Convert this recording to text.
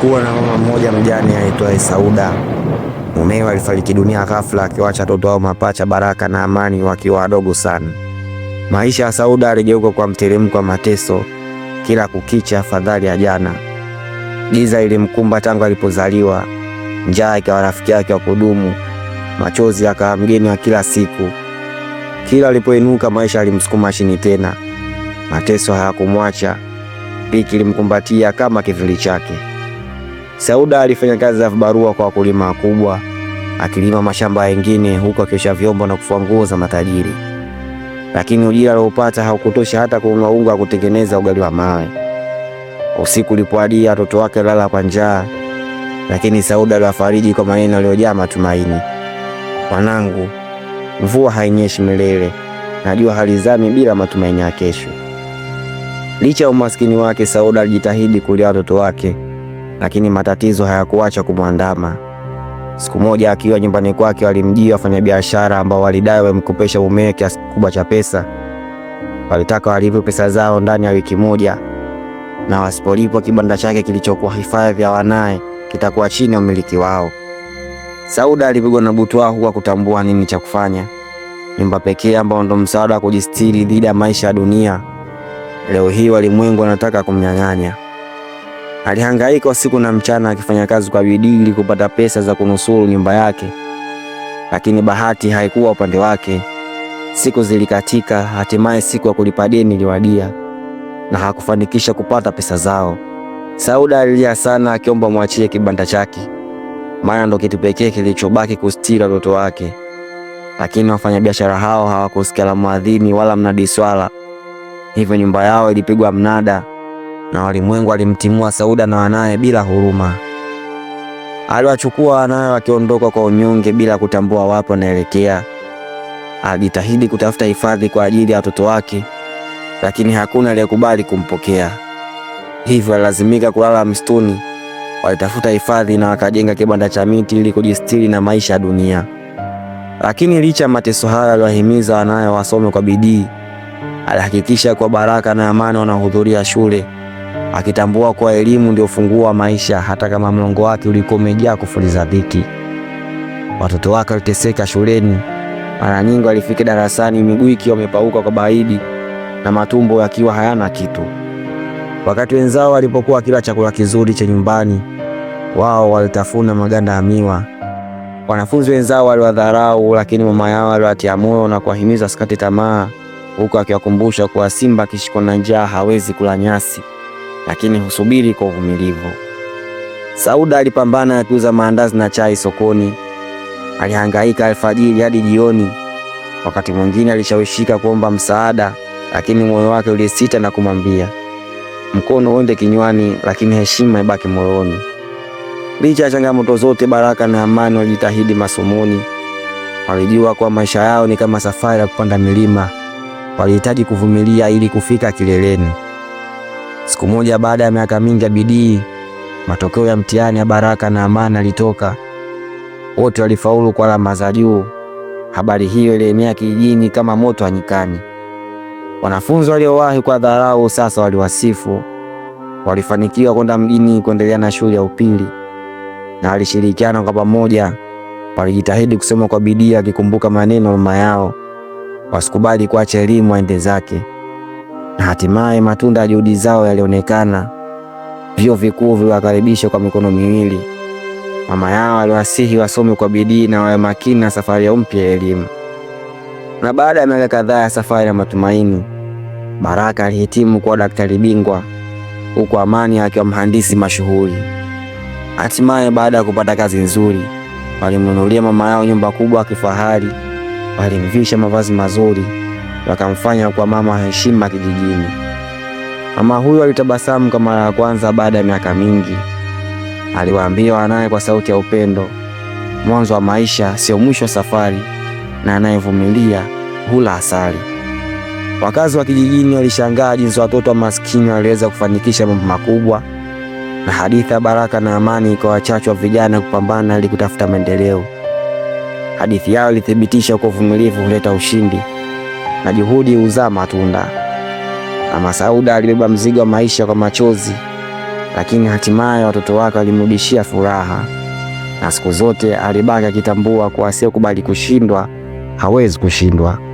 Kulikuwa na mama mmoja mjane aitwaye Sauda. Mumewe alifariki dunia ghafla, akiwacha watoto wao mapacha Baraka na Amani wakiwa wadogo sana. Maisha ya Sauda aligeuka kwa mteremko wa mateso, kila kukicha afadhali ya jana. Giza ilimkumba tangu alipozaliwa, njaa ikawa rafiki yake wa kudumu, machozi yakawa mgeni wa kila siku. Kila alipoinuka maisha alimsukuma chini tena. Mateso hayakumwacha, dhiki ilimkumbatia kama kivuli chake. Sauda alifanya kazi za vibarua kwa wakulima wakubwa, akilima mashamba yengine huku akiosha vyombo na kufua nguo za matajiri, lakini ujira aliopata haukutosha hata kuunga unga wa kutengeneza ugali wa mawe. Usiku ulipoadia, watoto wake lala kwa njaa, lakini Sauda aliwafariji kwa maneno yaliyojaa matumaini. Wanangu, mvua hainyeshi milele na jua halizami bila matumaini ya kesho. Licha ya umaskini wake, Sauda alijitahidi kulea watoto wake lakini matatizo hayakuacha kumwandama. Siku moja akiwa nyumbani kwake, walimjia wafanyabiashara ambao walidai wamkopesha mumewe kiasi kikubwa cha pesa. Walitaka walipe pesa zao ndani ya wiki moja, na wasipolipwa kibanda chake kilichokuwa hifadhi vya wanaye kitakuwa chini ya umiliki wao. Sauda alipigwa na butwaa huwa kutambua nini cha kufanya. Nyumba pekee ambayo ndo msaada wa kujistiri dhidi ya maisha ya dunia, leo hii walimwengu wanataka kumnyang'anya. Alihangaika usiku na mchana akifanya kazi kwa bidii ili kupata pesa za kunusuru nyumba yake, lakini bahati haikuwa upande wake. Siku zilikatika, hatimaye siku ya kulipa deni iliwadia na hakufanikisha kupata pesa zao. Sauda alilia sana, akiomba mwachie kibanda chake, maana ndo kitu pekee kilichobaki kustira watoto wake. Lakini wafanyabiashara hao hawakusikia la mwadhini wala mnadi swala, hivyo nyumba yao ilipigwa mnada na walimwengu alimtimua Sauda na wanaye bila huruma. Aliwachukua wanawe wakiondoka kwa unyonge bila kutambua wapo naelekea. Alijitahidi kutafuta hifadhi kwa ajili ya watoto wake, lakini hakuna aliyekubali kumpokea. Hivyo alilazimika kulala msituni. Walitafuta hifadhi na wakajenga kibanda cha miti ili kujistiri na maisha ya dunia. Lakini licha ya mateso hayo, aliwahimiza wanawe wasome kwa bidii. Alihakikisha kwa baraka na amani wanahudhuria shule akitambua kuwa elimu ndio funguo wa maisha, hata kama mlongo wake ulikuwa umejaa kufuliza dhiki. Watoto wake waliteseka shuleni, mara nyingi walifika darasani miguu ikiwa imepauka kwa baridi na matumbo yakiwa hayana kitu. Wakati wenzao walipokuwa kila chakula kizuri cha nyumbani, wao walitafuna maganda ya miwa. Wanafunzi wenzao waliwadharau, lakini mama yao aliwatia moyo na kuwahimiza sikate tamaa, huku akiwakumbusha kuwa simba akishikwa na njaa hawezi kula nyasi lakini husubiri kwa uvumilivu. Sauda alipambana akiuza maandazi na chai sokoni. Alihangaika alfajiri hadi jioni. Wakati mwingine alishawishika kuomba msaada, lakini moyo wake ulisita na kumwambia, mkono uende kinywani, lakini heshima ibaki moyoni. Licha ya changamoto zote, Baraka na Amani walijitahidi masomoni. Walijua kuwa maisha yao ni kama safari ya kupanda milima, walihitaji kuvumilia ili kufika kileleni. Siku moja baada ya miaka mingi ya bidii, matokeo ya mtihani ya Baraka na Amani yalitoka. Wote walifaulu kwa alama za juu. Habari hiyo ilienea kijijini kama moto anyikani. Wanafunzi waliowahi kwa dharau sasa waliwasifu. Walifanikiwa kwenda mjini kuendelea na shule ya upili, na walishirikiana kwa pamoja. Walijitahidi kusoma kwa bidii, akikumbuka maneno mama yao, wasikubali kuacha elimu aende zake na hatimaye matunda ya juhudi zao yalionekana. Vyuo vikuu viliwakaribisha kwa mikono miwili. Mama yao aliwasihi wasome kwa bidii na wawe makini na safari ya mpya ya elimu. Na baada ya miaka kadhaa ya safari ya matumaini, Baraka alihitimu kuwa daktari bingwa, huku Amani akiwa mhandisi mashuhuri. Hatimaye, baada ya kupata kazi nzuri, walimnunulia mama yao nyumba kubwa ya kifahari, walimvisha mavazi mazuri wakamfanya kwa mama heshima kijijini. Mama huyo alitabasamu kwa mara ya kwanza baada ya miaka mingi. Aliwaambia wanaye kwa sauti ya upendo, mwanzo wa maisha sio mwisho wa safari, na anayevumilia hula asali. Wakazi wa kijijini walishangaa jinsi watoto wa maskini waliweza kufanikisha mambo makubwa, na hadithi ya baraka na amani kwa wachache wa vijana kupambana ili kutafuta maendeleo. Hadithi yao ilithibitisha kuwa uvumilivu huleta ushindi na juhudi huzaa matunda. Mama Sauda alibeba mzigo wa maisha kwa machozi, lakini hatimaye watoto wake walimrudishia furaha, na siku zote alibaki akitambua kuwa asiyekubali kushindwa hawezi kushindwa.